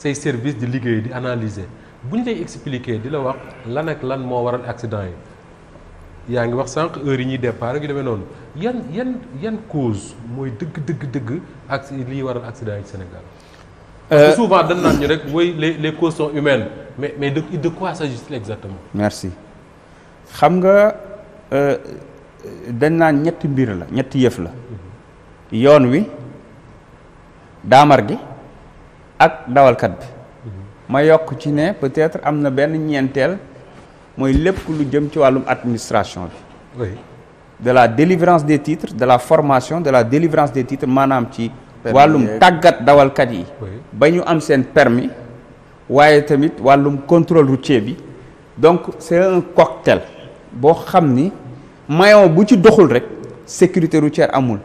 say service di liggéey di analyser bu ñu lay expliquer di la wax lan ak lan moo waral accident yi yaa ngi wax sànq heure yi ñuy départ yu demee noonu yan yan yan cause mooy dëgg dëgg dëgg ak liy waral accident yi ci Sénégal. Euh... souvent dañ ñu rek oui les les causes sont humaines mais mais de de quoi s'agit-il exactement. merci xam nga euh, dañ naan ñetti mbir la ñetti yëf la mm-hmm. yoon wi daamar gi. ak dawalkat bi ma yokk ci ne peut-être am na benn ñeenteel mooy lépp lu jëm ci wàllum administration bi oui. de la délivrance des titres de la formation de la délivrance des titres maanaam ci wàllum tàggat dawalkat yi ba ñu am seen permis waaye tamit wàllum contrôle routier bi donc c'est un cocktail boo xam ni mayon bu ci doxul rek sécurité routière amul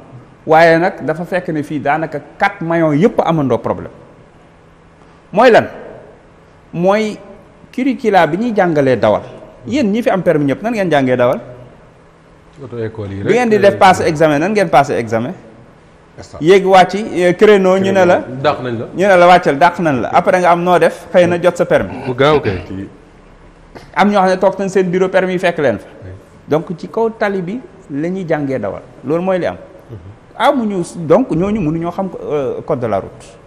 waaye nag dafa fekk ne fii daanaka quatre mayon yëpp amandoo problème mooy lan mooy curricula bi ñuy jàngalee dawal yéen ñi fi am permis ñëpp nangeen jàngee dawal. auto école yi rek bi ngeen di euh, def passé examen nangeen ngeen passé examen. yéeg wàcc euh, créneau ñu ne la. dàq nañ la ñu ne la wàccal dàq nañ la après nga am noo def xëy na jot sa permis. bu gaaw am ñoo xam ne toog nañ seen bureau permis fekk leen fa. donc ci kaw tali bi lañuy jàngee dawal loolu mooy li am. Mhm. amuñu donc ñooñu mënuñoo xam euh, code de la route.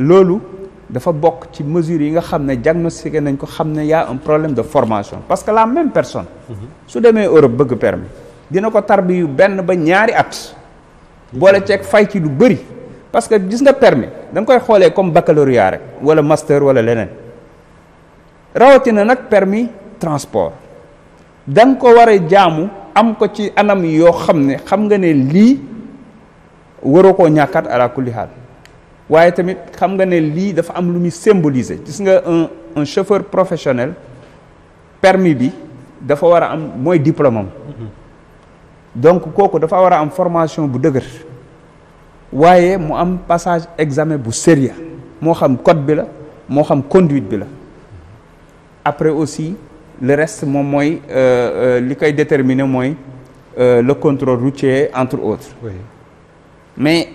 loolu dafa bokk ci mesures yi nga xam ne diagnostiqué nañ ko xam ne y a problème de formation parce que la même personne su demee Europe bëgg permis dina ko tarbi yu benn ba ñaari at boole ceeg fay ci lu bëri parce que gis nga permis da koy xoolee comme baccalauréat rek wala master wala leneen rawatina nag permis transport da ko war a jaamu am ko ci anam yoo xam ne xam nga ne lii waroo koo ñàkkaat ala kulli haal waaye tamit xam nga ne lii dafa am lu muy symboliser gis nga un un chauffeur professionnel permis bi dafa war a am mooy diplôme am donc kooku dafa war a am formation bu dëgër waaye mu am passage examen bu sérieux moo xam code bi la moo xam conduite bi la après aussi le reste moom mooy euh, euh, li koy déterminer mooy euh, le contrôle routier entre autres oui. mais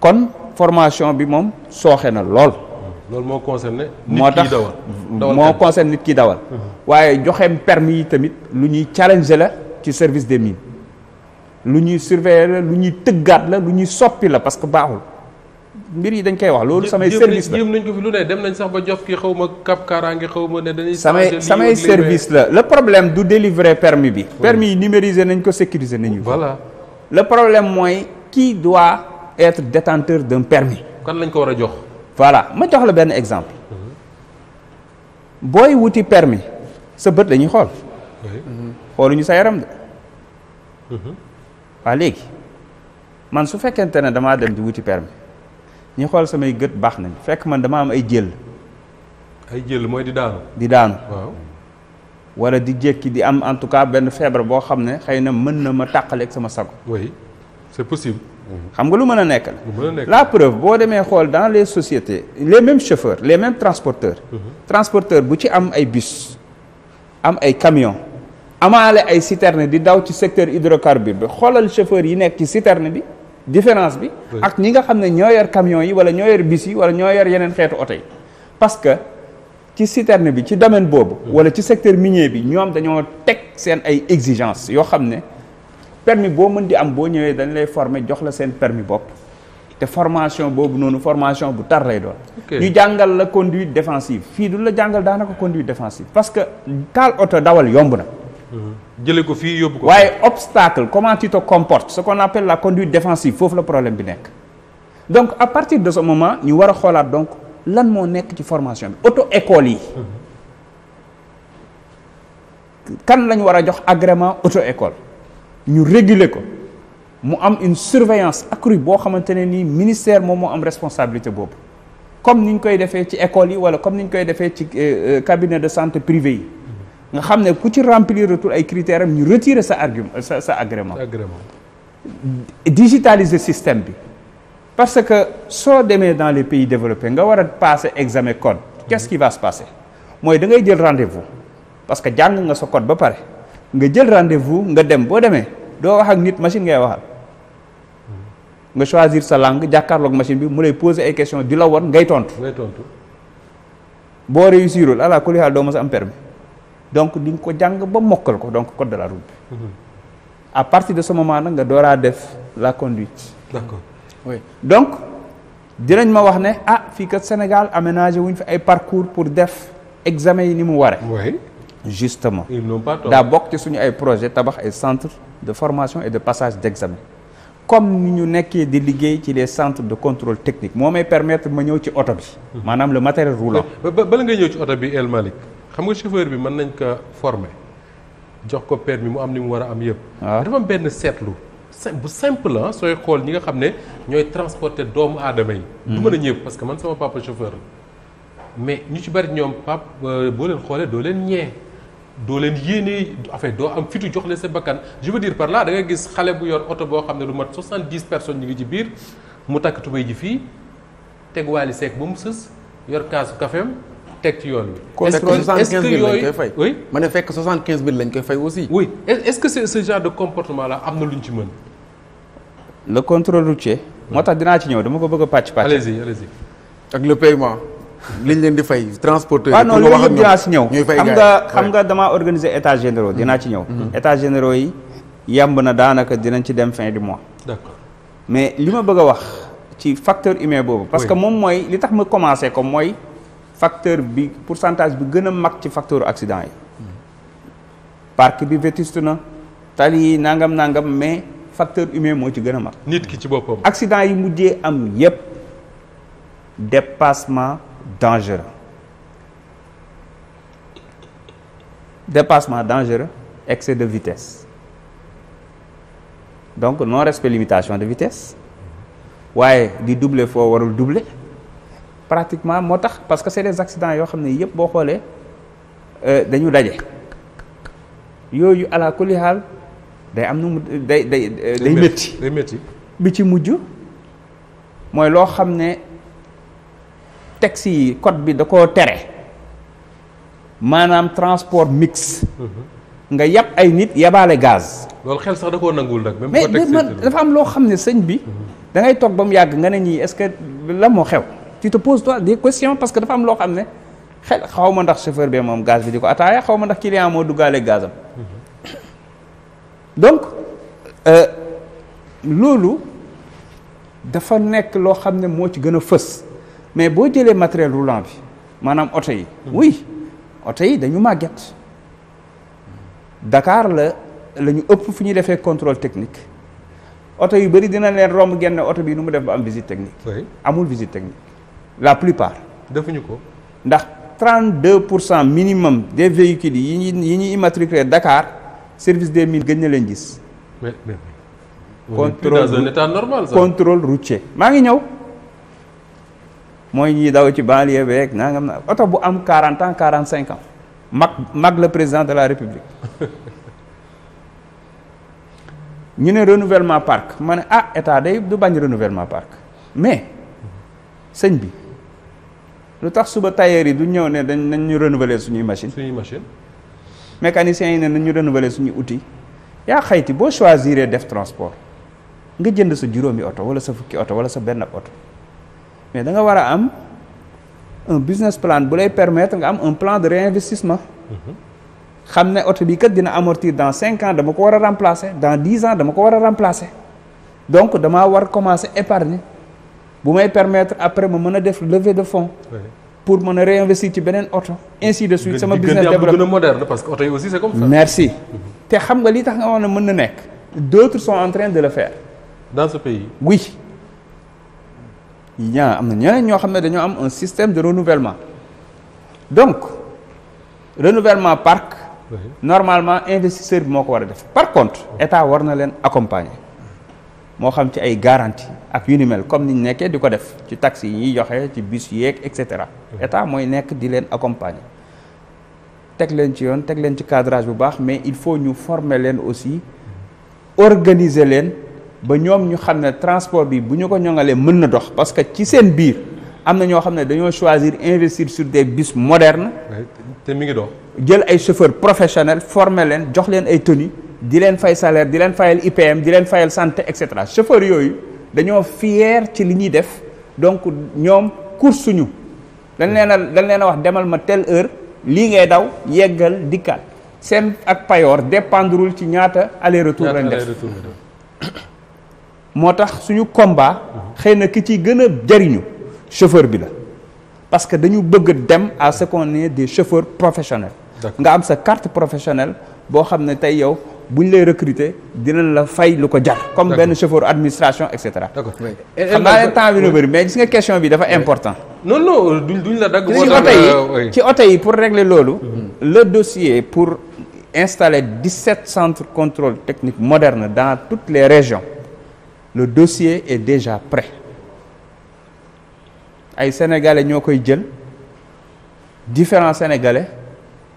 kon formation bi moom sooxe na lool. loolu moo concerné. moo tax moo concerné nit ki dawal. waaye joxeem permis yi tamit lu ñuy challenger la ci service des mines lu ñuy surveiller la lu ñuy tëggaat la lu ñuy soppi la parce que baaxul mbir yi dañ koy wax loolu. samay service la nañ ko fi dem nañ sax ba jof ki xaw ma kap kaaraange xaw ma ne dañuy. samay samay la le problème du délivrer permis bi. permis yi numérise nañ ko sécuriser nañu. voilà le problème mooy qui doit. être détenteur d'un permis kan lañ ko war a jox voilà ma jox la benn exemple booy wuti permis sa bët dañuy xool xooluñu sa yaram de waa léegi man su fekkente ne damaa dem di wuti permis ñu xool samay gët baax nañ fekk man dama am ay jël ay jël mooy di daanu di daanu waaw di jékki di am en tout cas benn feebar boo xam ne xëy na mën na ma tàqaleeg sama sago oui c'est possible xam nga lu mën a nekk la la preuve boo demee xool dans les sociétés les même chauffeurs les mêmes transporteurs mhm. transporteur bu ci am ay bus am ay camion amaale ay citerne di daw ci secteur hydrocarbure bi xoolal chauffeur yi nekk ci citerne bi différence bi ak ñi nga xam ne ñoo yor camions yi wala ñoo yor bis yi wala ñoo yor yeneen xeetu oto yi parce que ci citerne bi ci domaine boobu mhm. wala ci secteur minier bi ñoom dañoo teg seen ay exigences yoo xam ne permis boo mën di am boo ñëwee dañu lay former jox la seen permis bopp te formation boobu noonu formation bu tar lay doon. ñu jàngal la conduit défensive fii du la jàngal daanaka conduite défensive parce que taal oto dawal yomb na. Mhm. jëlee ko fii yóbbu waaye obstacle comment tu te comportes ce qu'on appelle la conduite foofu la problème bi nekk. donc à partir de ce moment ñu war a xoolaat donc lan moo nekk ci formation bi auto école yi. Mhm. kan lañu war a jox agrément auto école. ñu réguler ko mu am une surveillance accrue boo xamante ne nii ministère moom moo am responsabilité boobu comme ni ñu koy defee ci école yi wala comme ni ñu koy defee ci euh, euh, cabinet de santé privé yi nga xam ne ku ci remplir retour ay critères am ñu retirer sa argument sa sa agrément digitaliser système bi parce que soo demee dans les pays développés nga war a passer examen code qu'est-ce qui va se passer mooy da ngay jël rendez-vous parce que jàng nga sa code ba pare nga jël rendez-vous nga dem boo demee doo wax ak nit machine ngay waxal nga choisir sa langue jàkkaarlook machine bi mu lay poser ay question di la won ngay tontu. ngay tontu boo réussirul ala kulli haal doo mës a am permis donc di nga ko jàng ba mokkal ko donc code de la route bi. Mhm. à partir de ce moment nag nga dooraa def la conduite. d'accord oui donc dinañ ma wax ne ah fii kat Sénégal aménagé wuñ fi ay parcours pour def examen yi ni mu ware justement daa bokk ci suñu ay projet tabax ay centre de formation et de passage d'examen comme ni ñu nekkee di liggéey ci les centre de contrôle technique moo may permettre ma ñëw ci oto bi maanaam le matériel roulant bala ngay ñëw ci oto bi El Malick xam nga chauffeur bi mën nañ ko former jox ko permis mu am ni mu war a am yëpp waaw ah. dafa am benn seetlu bu simple la ah, sooy xool ñi nga xam ne ñooy transporter doomu aadama yi du mën a ñëpp parce que man sama papa chauffeur mais ñu ci bari ñoom pap euh, boo leen xoolee doo leen ñee doo leen yéene affaire doo am fitu jox leen sa bakkan je veux dire par là da nga gis xale bu yor oto boo xam ne lu mat 70 personnes ñu ngi ci biir mu takk tubéy ji fii teg waali seek ba mu sës yor kaasu kafeem teg ci yoon wi. est ce que est ce que yooyu oui ma ne fekk 75000 lañ koy fay aussi. oui est ce que ce genre de comportement là am na luñ ci mën. le contrôle routier. moo tax dinaa ci ñëw dama ko bëgg a pàcc pàcc. allez-y allez-y. ak le paiement. liñ leen di fay transporteur. waaw ah, non loolu yëpp dinaa si ñëw xam nga xam nga damaa organiser état généro dinaa ci ñëw. Mhm. état généraux yi yàmb na daanaka dinañ ci dem fin du mois. d'accord mais li ma bëgg a wax ci facteur humain boobu. parce que moom mooy li tax ma commencé ko mooy facteur bi pour pourcentage bi gën a mag ci facteur accident yi. Mhm. parc bi vétuste na tali nangam nangam mais facteur humain moo ci gën a mag. nit ki ci boppam. accident yi mujjee am yépp dépassement. dangereux dépassement dangereux excès de vitesse donc non respect limitation de vitesse waaye di doubler foo warul doubler pratiquement moo tax parce que c'est des accidents yoo xam ne yëpp boo xoolee euh, dañu daje yooyu ala kulli day am nu mu day day euh, day métti day métti bi ci mujj mooy loo xam ne texte yi code bi da koo tere maanaam transport mixte mhm. nga yab ay nit yabaale gaz. loolu xel sax da koo nanguwul nag. même mais man dafa am loo xam ne sëñ bi. Mhm. da toog ba mu yàgg nga ne ñii est-ce que la moo xew. tu te poses toi des questions parce que dafa am loo xam ne xel xaw ma ndax chauffeur bi moom gaz bi di ko ataaya xaw ma ndax client moo duggaale gazam. Mhm. donc euh, loolu dafa nekk loo xam ne moo ci gën a fës. mais boo jëlee matériel roulant bi maanaam oto yi wuy hmm. oto yi dañu màgget dakaar la la ñu ëpp fu ñuy defee contrôle technique oto yu bëri dina leen romb genn oto bi nu mu def ba am visite technique amul visite technique la plupart defuñu ko ndax deux pour cent minimum des véhicules yi yi ñuy yi ñuy immatriculé Dakar service de mines gën na leen gis. mais mais on est plus dans routier maa ngi ñëw. mooy ñiy daw ci banlieue beeg nangam na oto bu am 40 ans 45 ans mag mag la président de la république ñu ne renouvellement park ma ne ah état day du bañ renouvellement parc mais sëñ bi lu tax suba tailleur yi du ñëw ne dañ nañ ñu renouveler suñuy machine suñuy machine mécaniciens yi ne nañ ñu renouveler suñuy outil yaa xëyti boo choisir def transport nga jënd sa juróomi oto wala sa fukki oto wala sa benn oto mais danga war a am un business plan bu lay permettre nga am un plan de réinvestissement. Mm-hmm. xam ne oto bi kat dina amortir dans cinq ans dama ko war a remplacer dans dix ans dama ko war a remplacer donc damaa war commencer épargne bu may permettre après ma mën a def levée de fonds. pour mën a réinvestir ci beneen oto. ainsi de suite sama business développement gën a moderne que oto yi aussi c'est comme merci mm-hmm. te xam nga li tax nga wax ne mën na nekk. d'autres sont en train de le faire. dans ce ñaa am na ñeneen ñoo xam ne dañoo am un système de renouvellement donc renouvellement parc normalement investisseur bi moo ko war a def par contre état war na leen accompagner moo xam ci ay garanti ak yu ni mel comme niñ nekkee di ko def ci taxi yi ñuy joxe ci bus yeeg et cetera état mooy nekk di leen accompagne teg leen ci yoon teg leen ci cadrage bu baax mais il faut ñu former leen aussi organiser leen ba ñoom ñu xam ne transport bi bu ñu ko ñongalee mën na dox parce que ci seen biir am na ñoo xam ne dañoo choisir investir sur des bus moderne te mi ngi dox. jël ay chauffeurs professionnels former leen jox leen ay tenues di leen fay salaire di leen fayal IPM di leen fayal santé et cetera chauffeurs yooyu dañoo fier ci li ñuy def donc ñoom course suñu dañ leen a dañ leen a wax demal ma telle heure lii ngay daw yeggal dikkaat seen ak payoor dépendrul ci ñaata aller retour lañ def moo tax suñu combat xëy na ki ci gën a jariñu chauffeur bi la parce que dañu bëgg dem à ce qu'on est des chauffeurs nga am sa carte professionnelle boo xam ne tey yow bu ñu lay recruter dinañ la fay lu ko jar comme benn chauffeur administration et cetera xam naa ne temps bi na bëri mais gis nga question bi dafa important non non duñ la dagg ci oto yi euh, ci oto yi pour régler loolu mhm. le dossier pour installer 17 centres contrôle technique moderne dans toutes les régions le dossier est déjà prêt ay sénégalais ñoo koy jël différent sénégalais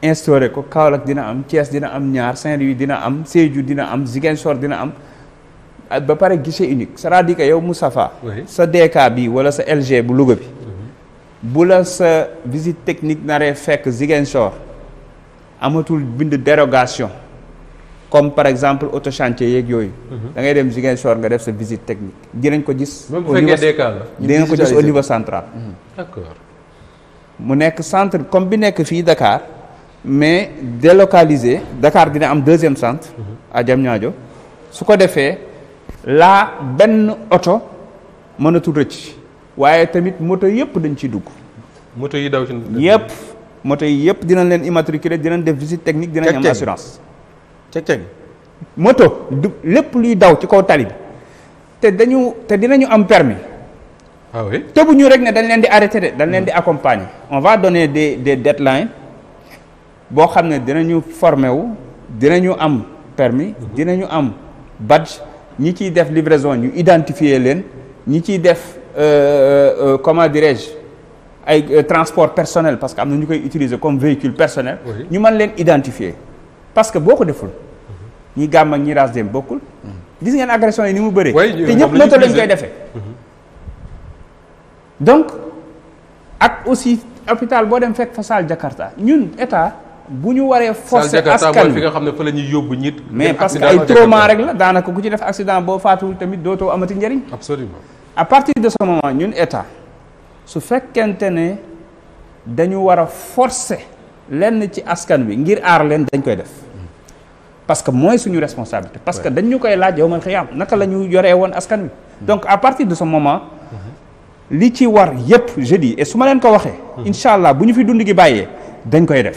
instauré ko Kaolack dina am Thiès dina am ñaar Saint-Louis dina am Sédhiou dina am Ziguinchor dina am ah, ba pare guichet unique c'est-à-dire que sa DK bi wala sa LG bu Louga bi bu la sa visite technique naree fekk Ziguinchor amatul bind dérogation comme par exemple auto chantier yeeg yooyu. Mhm. da ngay dem Ziguinchor nga def sa visite technique. dinañ ko gis. même bu fekkee DK ko gis au niveau central. Mhm. mu nekk centre comme bi nekk fii Dakar mais délocalisé dakaar dina am deuxième centre. Mhm. à Diamniadio su ko defee laa benn oto mënatul rëcc waaye tamit moto yëpp dañ ciy dugg. moto yi daw ci yëpp moto yi yëpp dinañ leen immatriculer dinañ def visite technique dinañ am assurance. ca moto du lépp luy daw ci kaw tali te dañu te dinañu am permis ah tëbu ñu rek ne dañu leen di arrêté de dañ leen di hmm. accompagner on va donner des des deadlines boo xam ne dinañu formé wu dinañu am permis hmm. dinañu am badge ñi ciy def livraison ñu identifier leen ñi ciy def euh, euh, euh, comment dirais-je ay transport personnel parce que am na ñu koy utiliser comme véhicule personnel ñu mën leen identifier parce que boo ko deful ñi gàmm ñi raas dem bokkul gis ngeen yi ni mu bëree te ñëpp loto lañ koy defee mhm. donc ak aussi hôpital boo dem fekk fa saal Jakarta ñun état bu ñu waree forcer askan bi nga xam ne fa la ñuy yóbbu nit mais parce que ay trauma rek la daanaka ku ci def accident boo faatuwul tamit dootoo amati njëriñ absolument à partir de ce moment ñun état su fekkente ne dañu war a forcer lenn ci askan wi ngir aar leen dañ koy def parce que mooy suñu responsabilité parce que dañ ñu koy laaj yow man naka la ñu yoree woon askan wi mm-hmm. donc à partir de ce moment mm-hmm. li ci war yépp je dis et su ma leen ko waxee mm-hmm. incha allah bu ñu fi dund gi bàyyee dañ koy def